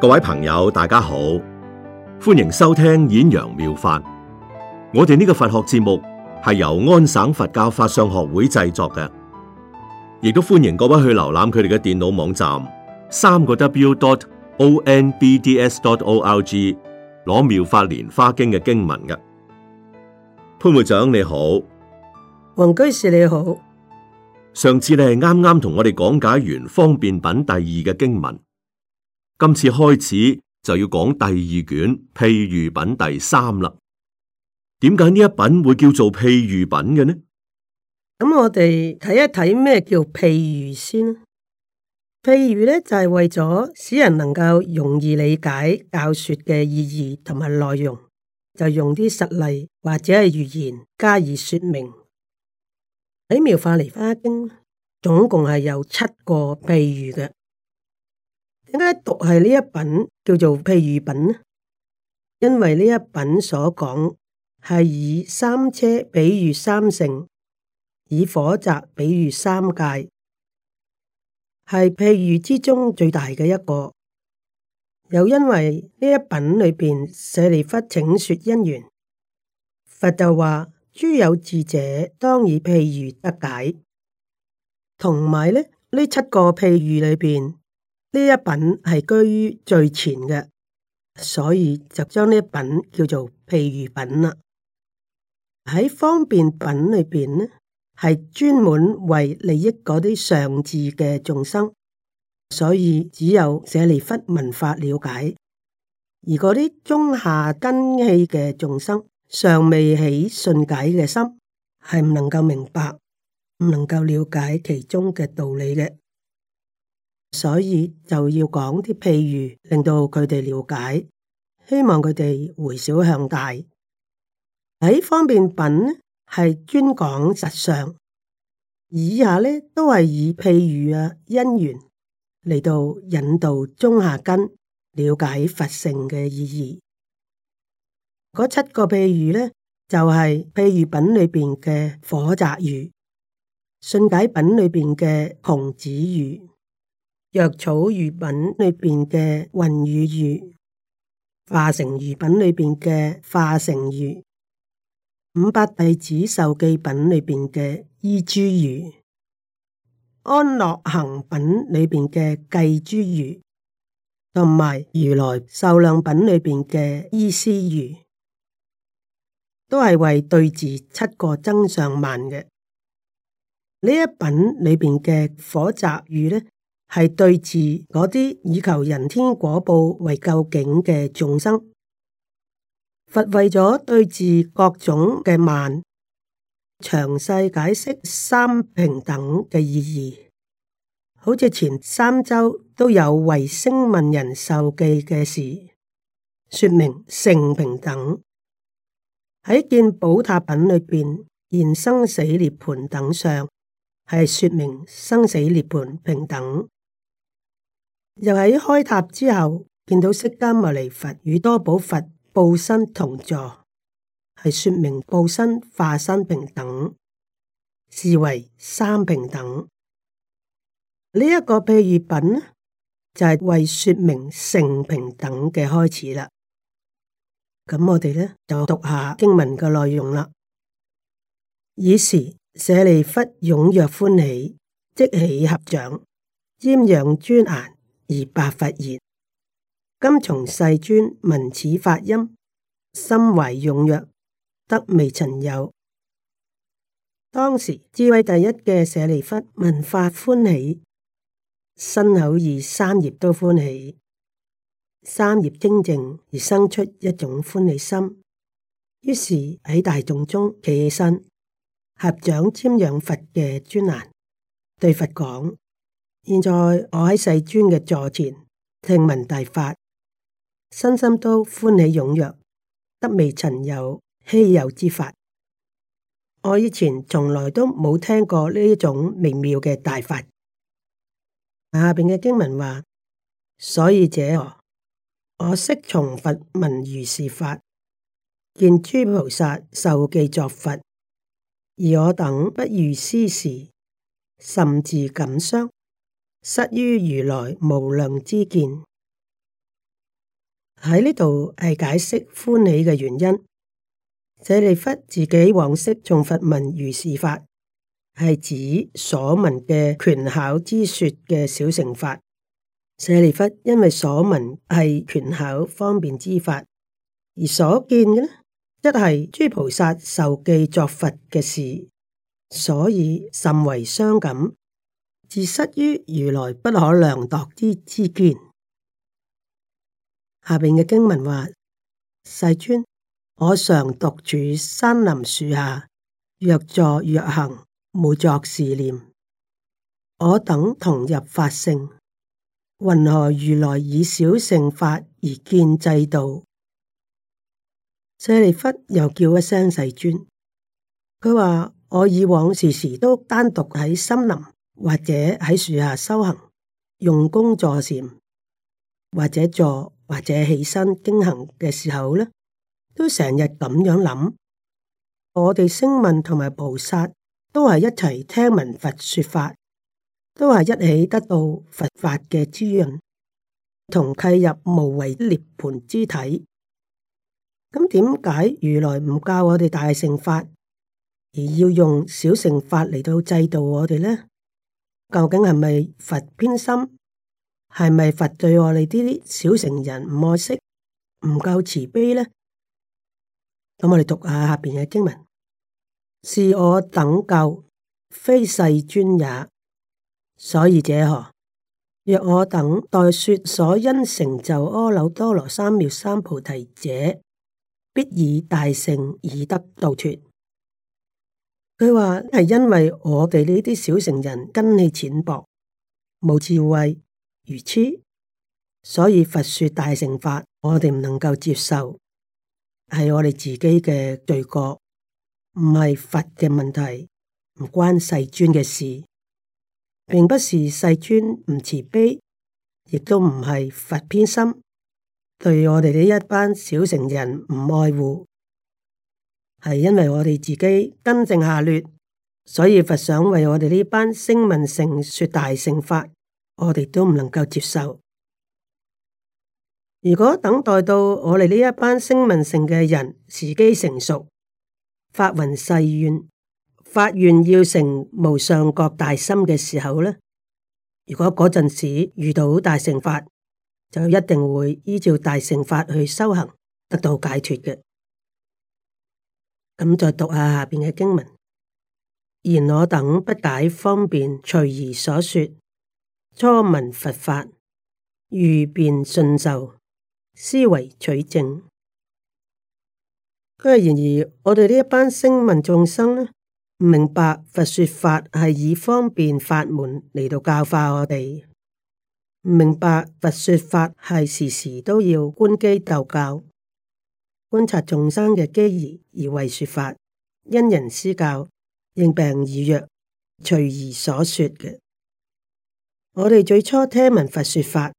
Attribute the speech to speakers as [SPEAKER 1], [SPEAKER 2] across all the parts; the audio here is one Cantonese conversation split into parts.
[SPEAKER 1] 各位朋友，大家好，歡迎收聽演揚妙，妙法。我哋呢個佛學節目係由安省佛教法相學會製作嘅，亦都歡迎各位去瀏覽佢哋嘅電腦網站，三個 W dot O N B D S dot O L G 攞，妙法蓮花經嘅經文嘅。潘會長你好，
[SPEAKER 2] 王居士你好。
[SPEAKER 1] 上次你係啱啱同我哋講解完方便品第二嘅經文。今次開始就要講第二卷譬喻品第三啦。點解呢一品會叫做譬喻品嘅呢？
[SPEAKER 2] 咁、嗯、我哋睇一睇咩叫譬喻先。譬喻咧就係、是，為咗使人能夠容易理解教說嘅意義同埋內容，就用啲實例或者係寓言加以說明。喺《妙法蓮華經》總共係有七個譬喻嘅。點解讀係呢一品叫做譬喻品呢？因為呢一品所講係以三車比喻三乘，以火宅比喻三界，係譬喻之中最大嘅一個。又因為呢一品裏邊舍利弗，請說因緣，佛就話：諸有智者當以譬喻得解。同埋呢，呢七個譬喻裏邊。呢一品係居於最前嘅，所以就將呢一品叫做譬喻品啦。喺方便品裏邊呢，係專門為利益嗰啲上智嘅眾生，所以只有舍利弗文法了解。而嗰啲中下根器嘅眾生，尚未起信解嘅心，係唔能夠明白，唔能夠了解其中嘅道理嘅。所以就要講啲譬喻，令到佢哋了解，希望佢哋回小向大。喺方便品咧，係專講實相，以下呢都係以譬喻啊因緣嚟到引導中下根了解佛性嘅意義。嗰七個譬喻呢，就係、是、譬喻品裏邊嘅火宅喻、信解品裏邊嘅窮子喻。藥草喻品裏邊嘅雲雨喻，化城喻品裏邊嘅化城喻，五百弟子受記品裏邊嘅衣珠喻，安樂行品裏邊嘅髻珠喻，同埋如來壽量品裏邊嘅醫師喻，都係為對治七個增上慢嘅呢一品裏邊嘅火宅喻呢。係對治嗰啲以求人天果報為究竟嘅眾生，佛為咗對治各種嘅慢，詳細解釋三平等嘅意義。好似前三周都有為聲聞人授記嘅事，說明性平等。喺見寶塔品裏邊，現生死涅盤等相，係說明生死涅盤平等。又喺開塔之後，見到釋迦牟尼佛與多寶佛報身同坐，係說明報身化身平等，視為三平等。呢、這、一個譬喻品就係為說明性平等嘅開始啦。咁我哋咧就讀下經文嘅內容啦。以時舍利弗踴躍歡喜，即起合掌，瞻仰尊顏。而白佛言：今從世尊聞此法音，心懷踴躍，得未曾有。當時智慧第一嘅舍利弗聞法歡喜，身口意三業都歡喜，三業清淨而生出一種歡喜心，於是喺大眾中企起身，合掌瞻仰佛嘅尊顏，對佛講。現在我喺世尊嘅座前聽聞大法，身心都歡喜踊躍，得未曾有稀有之法。我以前從來都冇聽過呢一種微妙嘅大法。下邊嘅經文話：所以者，我我昔從佛聞如是法，見諸菩薩受記作佛，而我等不如斯時，甚自感傷。失於如來無量之見，喺呢度係解釋歡喜嘅原因。舍利弗自己往昔從佛聞如是法，係指所聞嘅權巧之說嘅小乘法。舍利弗因為所聞係權巧方便之法，而所見嘅呢，一係諸菩薩受記作佛嘅事，所以甚為傷感。自失於如來不可量度之之見。下邊嘅經文話：世尊，我常獨處山林樹下，若坐若行，無作是念。我等同入法性。云何如來以小乘法而見濟度？舍利弗又叫一聲世尊，佢話：我以往時時都單獨喺森林。或者喺樹下修行，用功坐禪，或者坐，或者起身經行嘅時候呢，都成日咁樣諗。我哋聲聞同埋菩薩都係一齊聽聞佛說法，都係一起得到佛法嘅滋潤，同契入無為涅槃之體。咁點解如來唔教我哋大乘法，而要用小乘法嚟到制度我哋呢？究竟係咪佛偏心？係咪佛對我哋啲啲小乘人唔愛惜、唔夠慈悲呢？咁我哋讀下下邊嘅經文：是我等咎，非世尊也。所以者何？若我等待說所因成就阿耨多羅三藐三菩提者，必以大乘以得度脫。佢話係因為我哋呢啲小乘人根器淺薄，冇智慧、愚癡，所以佛說大乘法我哋唔能夠接受，係我哋自己嘅罪過，唔係佛嘅問題，唔關世尊嘅事，並不是世尊唔慈悲，亦都唔係佛偏心，對我哋呢一班小乘人唔愛護。係因為我哋自己根性下劣，所以佛想為我哋呢班聲聞乘說大乘法，我哋都唔能夠接受。如果等待到我哋呢一班聲聞乘嘅人時機成熟，發宏誓願，發願要成無上覺大心嘅時候呢，如果嗰陣時遇到大乘法，就一定會依照大乘法去修行，得到解脫嘅。咁再讀下下邊嘅經文，然我等不大方便隨而所說，初聞佛法，遇便信受，思惟取證。咁啊，然而我哋呢一班聲聞眾生呢，唔明白佛說法係以方便法門嚟到教化我哋，唔明白佛說法係時時都要觀機逗教。觀察眾生嘅機宜而為說法，因人施教，應病與藥，隨意所說嘅。我哋最初聽聞佛說法，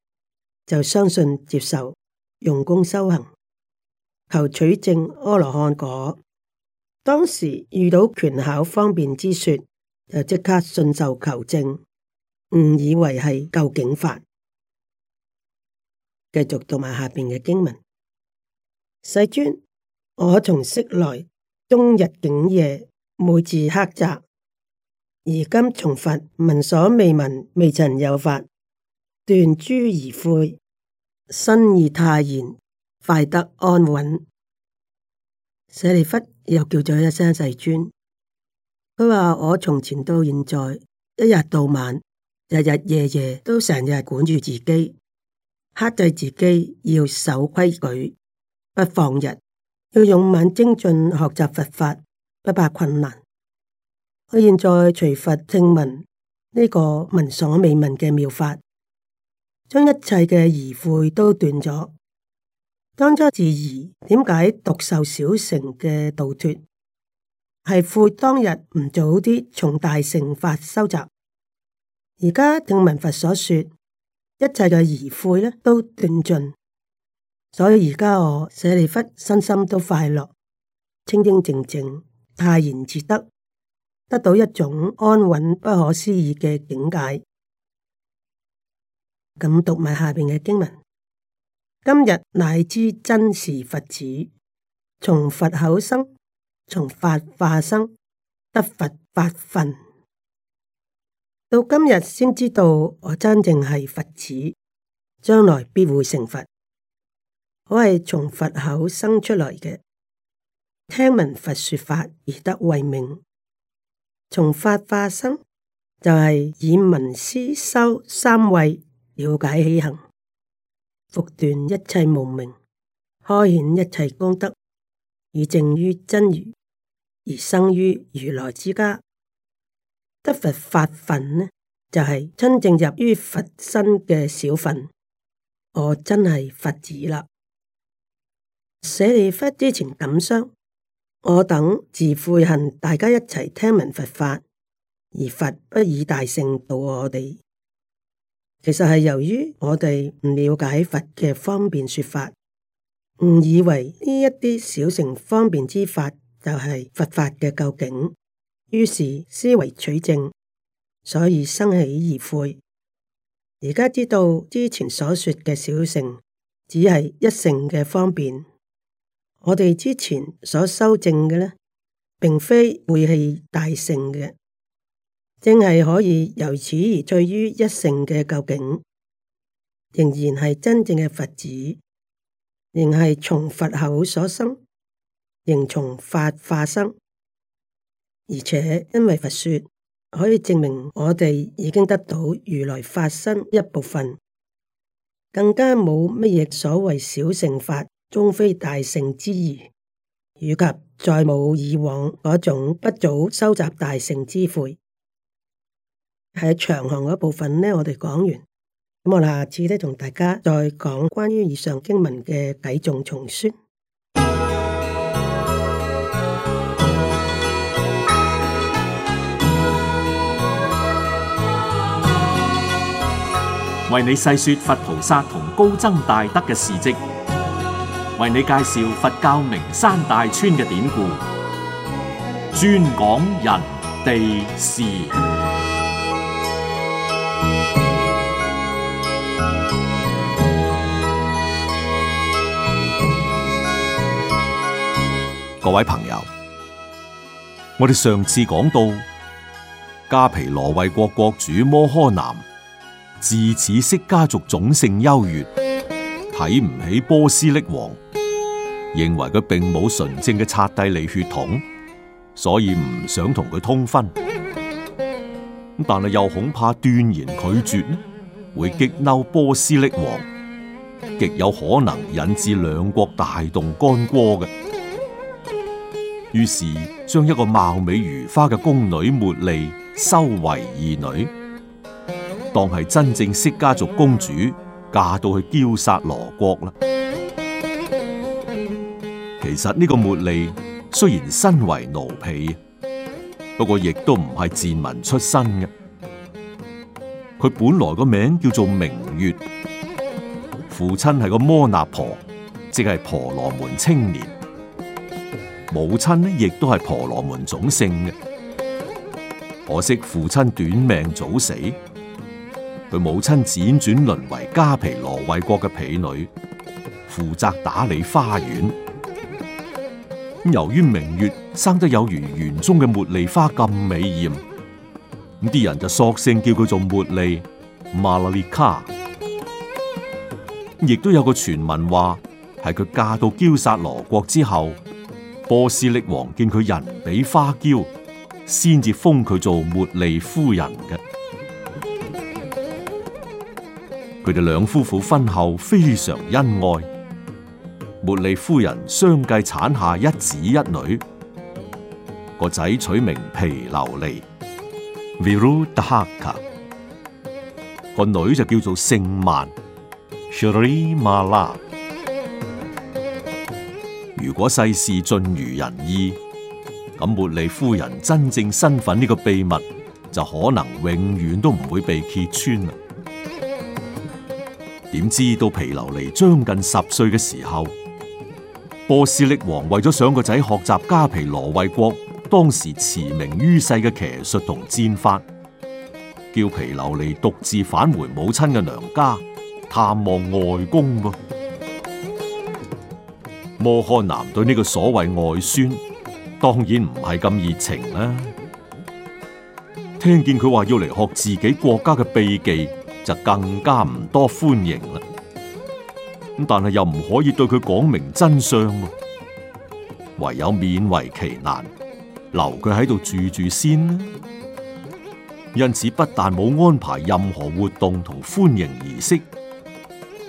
[SPEAKER 2] 就相信接受，用功修行，求取證阿羅漢果。當時遇到權巧方便之說，就即刻信受求證，誤以為係究竟法。繼續讀埋下面嘅經文。世尊，我從昔來終日竟夜每自剋責，而今從佛聞所未聞，未曾有法斷諸疑悔，身意泰然，快得安穩。舍利弗又叫咗一聲世尊，佢話我從前到現在一日到晚日日夜夜都成日管住自己，克制自己，要守規矩。不放逸，要勇猛精進學習佛法，不怕困難。我現在隨佛聽聞呢個聞所未聞嘅妙法，將一切嘅疑悔都斷咗。當初自疑點解獨受小乘嘅度脫，係悔當日唔早啲從大乘法收集。而家聽聞佛所說，一切嘅疑悔咧都斷盡。所以而家我舍利弗身心都快樂，清清淨淨，泰然自得，得到一種安穩不可思議嘅境界。咁讀埋下邊嘅經文：今日乃知真是佛子，從佛口生，從法化生，得佛法分，到今日先知道我真正係佛子，將來必會成佛。我係從佛口生出來嘅，聽聞佛說法而得慧命，從法化生就係、是、以聞思修三慧了解起行，復斷一切無明，開顯一切功德，以證於真如而生於如來之家。得佛法份呢，就係、是、真正入於佛身嘅小份，我真係佛子啦。舍利弗，之前感傷，我等自悔恨，大家一齊聽聞佛法，而佛不以大乘渡我哋，其實係由於我哋唔了解佛嘅方便說法，誤以為呢一啲小乘方便之法就係佛法嘅究竟，於是思維取證，所以生起疑悔。而家知道之前所說嘅小乘，只係一乘嘅方便。我哋之前所修正嘅呢，並非會係大乘嘅，正係可以由此而至於一乘嘅究竟，仍然係真正嘅佛子，仍係從佛口所生，仍從法化生，而且因為佛說可以證明我哋已經得到如來法身一部分，更加冇乜嘢所謂小乘法。終非大乘之疑，以及再冇以往嗰種不早收集大乘之悔。喺長行嗰部分呢，我哋講完，咁我下次咧，同大家再講關於以上經文嘅偈頌重宣。
[SPEAKER 1] 為你細說佛菩薩同高僧大德嘅事蹟。為你介紹佛教名山大川嘅典故，專講人地事。各位朋友，我哋上次講到迦毗羅衛國國主摩訶男，自此識家族種姓優越。睇唔起波斯匿王，認為佢並冇純正嘅剎帝利血統，所以唔想同佢通婚。但係又恐怕斷然拒絕呢，會激嬲波斯匿王，極有可能引致兩國大動干戈嘅。於是將一個貌美如花嘅宮女茉莉收為義女，當係真正釋迦族公主。嫁到去憍薩羅國啦！其實呢個茉莉雖然身為奴婢，不過亦都唔係賤民出身嘅。佢本來個名叫做明月，父親係個摩納婆，即係婆羅門青年；母親呢亦都係婆羅門種姓嘅。可惜父親短命早死。佢母親輾轉淪為加皮羅衛國嘅婢女，負責打理花園。由於明月生得有如園中嘅茉莉花咁美艷，咁啲人就索性叫佢做茉莉 m a l i。亦都有個傳聞話，係佢嫁到嬌殺羅國之後，波斯力王見佢人比花嬌，先至封佢做茉莉夫人嘅。佢哋兩夫婦婚後非常恩愛，茉莉夫人相繼產下一子一女。個仔取名皮琉利 v i l u h a k a，個女就叫做聖曼 （Shrimala） i。如果世事盡如人意，咁茉莉夫人真正身份呢個秘密就可能永遠都唔會被揭穿。點知到毗琉璃將近十歲嘅時候，波斯匿王為咗想個仔學習加皮羅衛國當時馳名於世嘅騎術同戰法，叫毗琉璃獨自返回母親嘅娘家探望外公。噃，摩訶男對呢個所謂外孫，當然唔係咁熱情啦。聽見佢話要嚟學自己國家嘅秘技。就更加唔多歡迎啦。咁但係又唔可以對佢講明真相，唯有勉為其難，留佢喺度住住先。因此不但冇安排任何活動同歡迎儀式，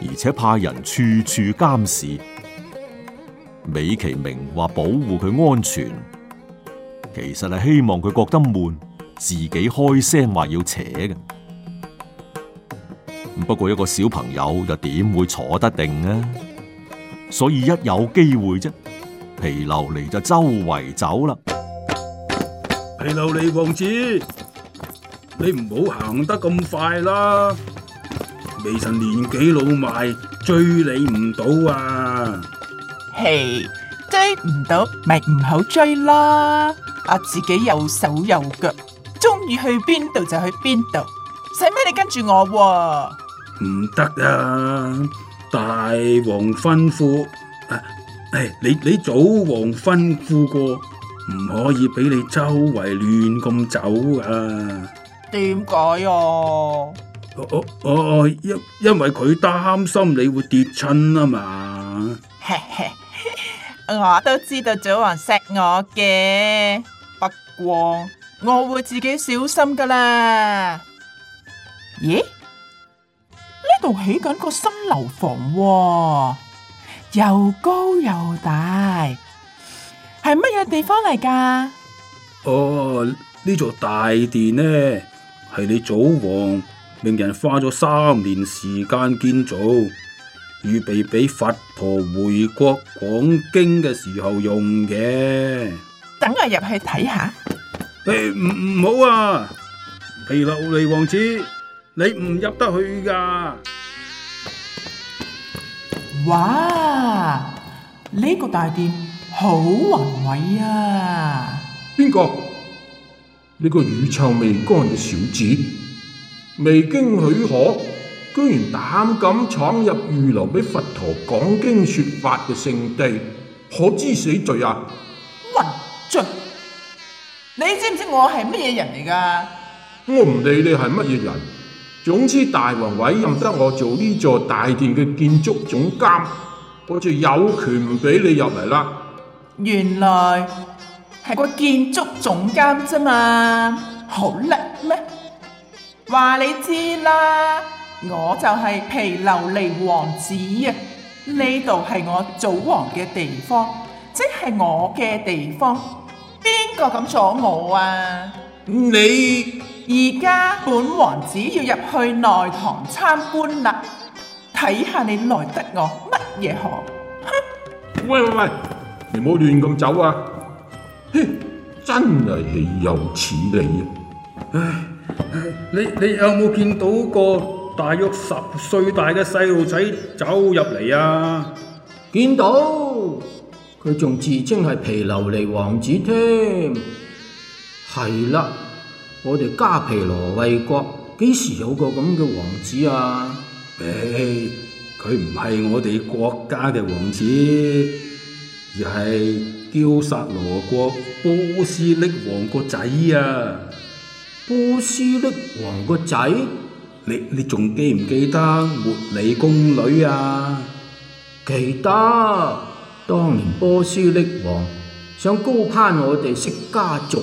[SPEAKER 1] 而且派人處處監視。美其名話保護佢安全，其實係希望佢覺得悶，自己開聲話要扯嘅。不過一個小朋友又點會坐得定呢、啊？所以一有機會啫，皮琉璃就周圍走啦。皮琉璃王子，你唔好行得咁快啦，
[SPEAKER 3] 未成年幾老邁，追你唔到啊！嘿、hey,，
[SPEAKER 4] 追唔到咪唔好追啦，我、啊、自己又手有腳，中意去邊度就去邊度，使咩你跟住我、啊？
[SPEAKER 3] 唔得呀！大王吩咐，誒、啊哎，你你祖王吩咐過，唔可以俾你周圍亂咁走噶。
[SPEAKER 4] 點解啊？啊哦
[SPEAKER 3] 哦哦，因因為佢擔心你會跌親啊嘛。
[SPEAKER 4] 我都知道祖王錫我嘅，不過我會自己小心噶啦。
[SPEAKER 2] 咦？
[SPEAKER 4] 度起緊個新樓房，又高又大，係乜嘢地方嚟噶？
[SPEAKER 3] 哦，呢座大殿呢，係你祖皇令人花咗三年時間建造，預備俾佛陀回國講經嘅時候用嘅。
[SPEAKER 4] 等我入去睇下。
[SPEAKER 3] 誒，唔唔好啊，毗琉璃王子。你唔入得去噶！
[SPEAKER 4] 哇，呢、這個大殿好宏偉啊！
[SPEAKER 5] 邊個？呢個乳臭未乾嘅小子，未經許可，居然膽敢闖入預留俾佛陀講經說法嘅聖地，可知死罪啊！
[SPEAKER 4] 混賬！你知唔知我係乜嘢人嚟噶？
[SPEAKER 5] 我唔理你係乜嘢人。總之大王委任得我做呢座大殿嘅建築總監，我就有權唔俾你入嚟啦。
[SPEAKER 4] 原來係個建築總監啫嘛，好叻咩？話你知啦，我就係毗琉璃王子啊！呢度係我祖王嘅地方，即係我嘅地方，邊個敢阻我啊？你？而家本王子要入去內堂參觀啦，睇下你奈得我乜嘢何？
[SPEAKER 5] 喂喂喂，你唔好亂咁走啊！真係豈有此
[SPEAKER 3] 理啊！唉，唉你你有冇見到個大約十
[SPEAKER 5] 歲大嘅細路仔走入嚟啊？見到，佢仲自稱係毗琉璃王子添，係啦。我哋迦毗羅衛國幾時有個咁嘅王子啊？欸，佢唔係我哋國家嘅王子，
[SPEAKER 3] 而係憍薩羅國波斯匿王個仔啊！
[SPEAKER 5] 波斯匿
[SPEAKER 3] 王個仔，你你仲記唔記得
[SPEAKER 5] 茉莉宮女啊？記得，當年波斯匿王想高攀我哋釋迦族。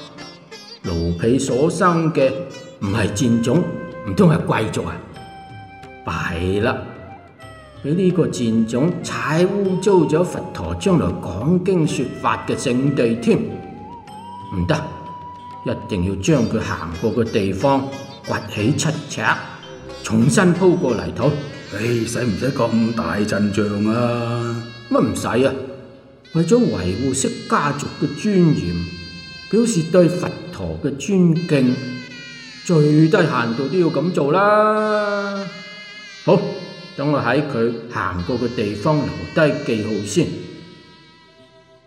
[SPEAKER 5] 奴婢所生嘅唔係賤種，唔通係貴族啊？弊啦，俾呢個賤種踩污糟咗佛陀將來講經說法嘅聖地添，唔得，一定要將佢行過嘅地方掘起七尺，重新鋪過泥土。唉，使唔使咁大陣仗啊？乜唔使啊？為咗維護釋家族嘅尊嚴。表示對佛陀嘅尊敬，最低限度都要咁做啦。好，等我喺佢行過嘅地方留低記號先。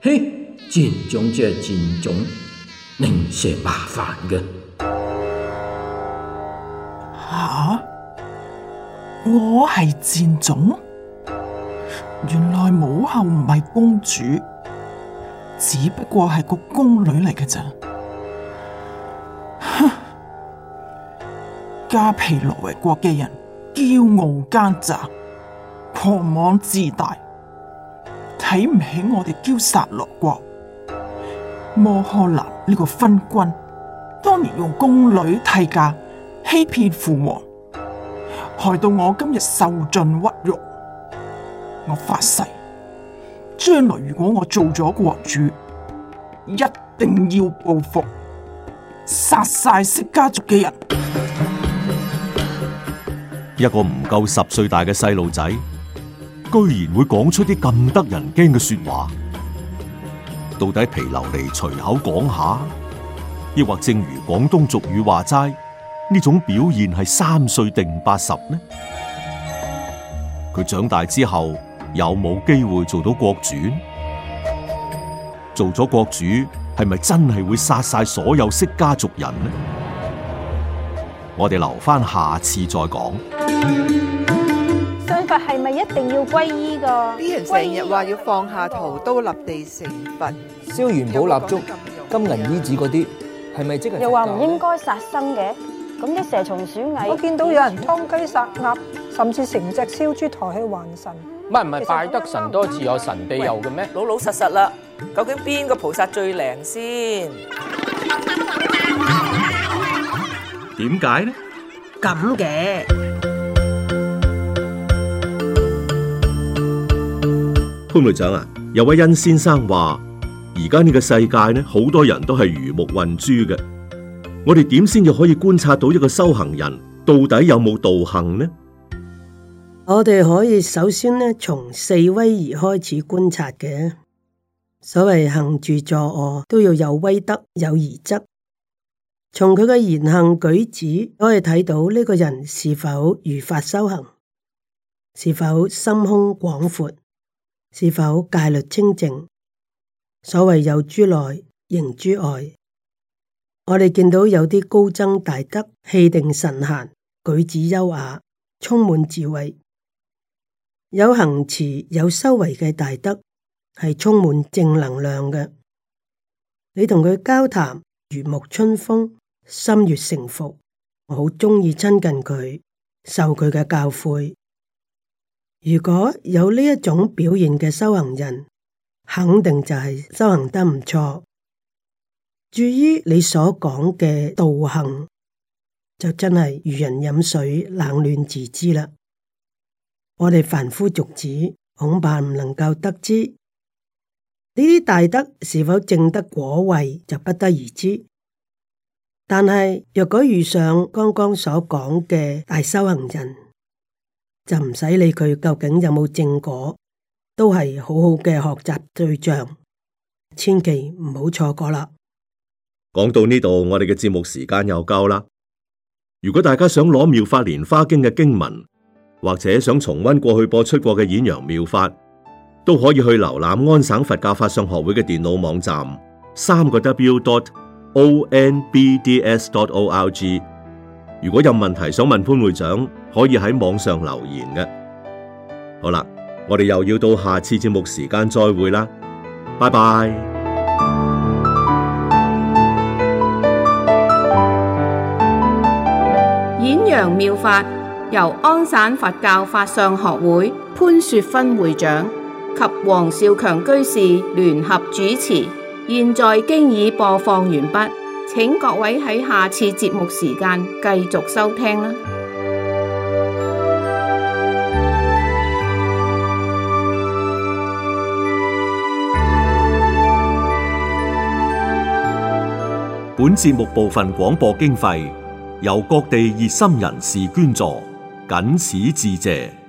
[SPEAKER 5] 嘿，賤種即係賤種，零舍麻煩嘅。
[SPEAKER 4] 吓、啊，我係賤種，原來母后唔係公主。只不過係個宮女嚟嘅咋，哼！迦毗羅衛國嘅人驕傲奸詐，狂妄自大，睇唔起我哋憍薩羅國。摩訶男呢個昏君，當年用宮女替嫁，欺騙父王，害到我今日受盡屈辱。我發誓。將來如果我做咗國主，一定要報復，殺晒釋
[SPEAKER 1] 迦族嘅人。一個唔夠十歲大嘅細路仔，居然會講出啲咁得人驚嘅說話，到底毗琉璃隨口講下，抑或正如廣東俗語話齋，呢種表現係三歲定八十呢？佢長大之後，有冇機會做到國主？做咗國主係咪真係會殺晒所有釋迦族人呢？我哋留翻下，下次再講。
[SPEAKER 4] 信
[SPEAKER 5] 佛係咪一定要皈依㗎？啲人成日話要放下屠刀，立地成佛，燒元寶蠟燭、金銀衣紙嗰啲，係咪、嗯、即係？又話唔應該殺生嘅？咁啲蛇蟲鼠蟻，我見到有人劏雞殺鴨，甚至成隻燒豬抬去還神。咪唔係，拜得神多自有神庇佑嘅咩？老老實實啦，究竟邊個菩薩最靈先？
[SPEAKER 1] 點解呢？
[SPEAKER 2] 咁嘅
[SPEAKER 1] 潘隊長啊，有位殷先生話：而家呢個世界呢，好多人都係魚目混珠嘅。我哋點先至可以觀察到一個修行人到底有冇道行呢？
[SPEAKER 2] 我哋可以首先呢，從四威儀開始觀察嘅。所謂行住坐卧都要有威德，有儀則。從佢嘅言行舉止可以睇到呢個人是否如法修行，是否心胸廣闊，是否戒律清淨。所謂有諸內，形諸外。我哋見到有啲高僧大德，氣定神閒，舉止優雅，充滿智慧。有行持有修為嘅大德，係充滿正能量嘅。你同佢交談，如沐春風，心悅誠服。我好鍾意親近佢，受佢嘅教誨。如果有呢一種表現嘅修行人，肯定就係修行得唔錯。至於你所講嘅道行，就真係如人飲水，冷暖自知啦。我哋凡夫俗子恐怕唔能夠得知呢啲大德是否證得果位就不得而知。但係若果遇上剛剛所講嘅大修行人，就唔使理佢究竟有冇證果，都係好好嘅學習對象，千祈唔好錯過啦。
[SPEAKER 1] 講到呢度，我哋嘅節目時間又夠啦。如果大家想攞《妙法蓮華經》嘅經文，或者想重温過去播出過嘅演揚妙法，都可以去瀏覽安省佛教法相學會嘅電腦網站，三個 W dot O N B D S dot O R G。如果有問題想問潘會長，可以喺網上留言嘅。好啦，我哋又要到下次節目時間再會啦，拜拜。
[SPEAKER 5] 演揚妙法。由安省佛教法相學會潘雪芬會長及黃少強居士聯合主持，現在經已播放完畢，請各位喺下次節目時間繼續收聽啦。
[SPEAKER 1] 本節目部分廣播經費由各地熱心人士捐助。僅此致謝。